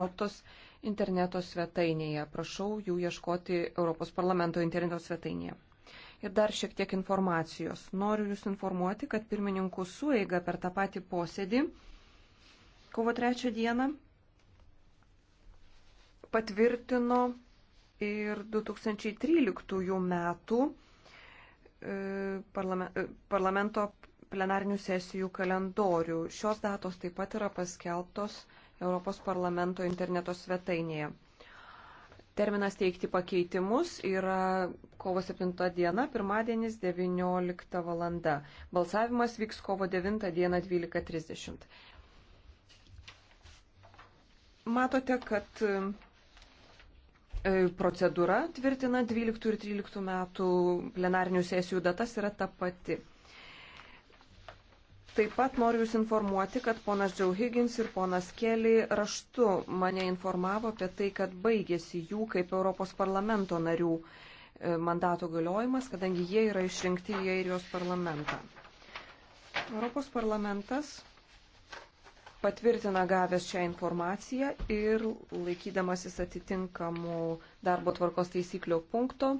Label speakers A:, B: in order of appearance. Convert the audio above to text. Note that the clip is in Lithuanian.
A: Kortos interneto svetainėje. Prašau jų ieškoti Europos parlamento interneto svetainėje. Ir dar šiek tiek informacijos. Noriu Jūs informuoti, kad pirmininkų sueiga per tą patį posėdį kovo trečią dieną patvirtino ir 2013 metų e, e, parlamento plenarinių sesijų kalendorių. Šios datos taip pat yra paskelbtos Europos parlamento interneto svetainėje. Terminas teikti pakeitimus yra kovo 7 diena, pirmadienis 19 valanda. Balsavimas vyks kovo 9 dieną 12.30. Matote, kad e, procedūra tvirtina 12 ir 13 metų plenarinių sesijų datas yra ta pati. Taip pat noriu Jūs informuoti, kad ponas Džiau Higgins ir ponas Kelly raštu mane informavo apie tai, kad baigėsi jų kaip Europos parlamento narių e, mandato galiojimas, kadangi jie yra išrinkti į Airijos parlamentą. Europos parlamentas patvirtina gavęs šią informaciją ir laikydamasis atitinkamų darbo tvarkos taisyklių punkto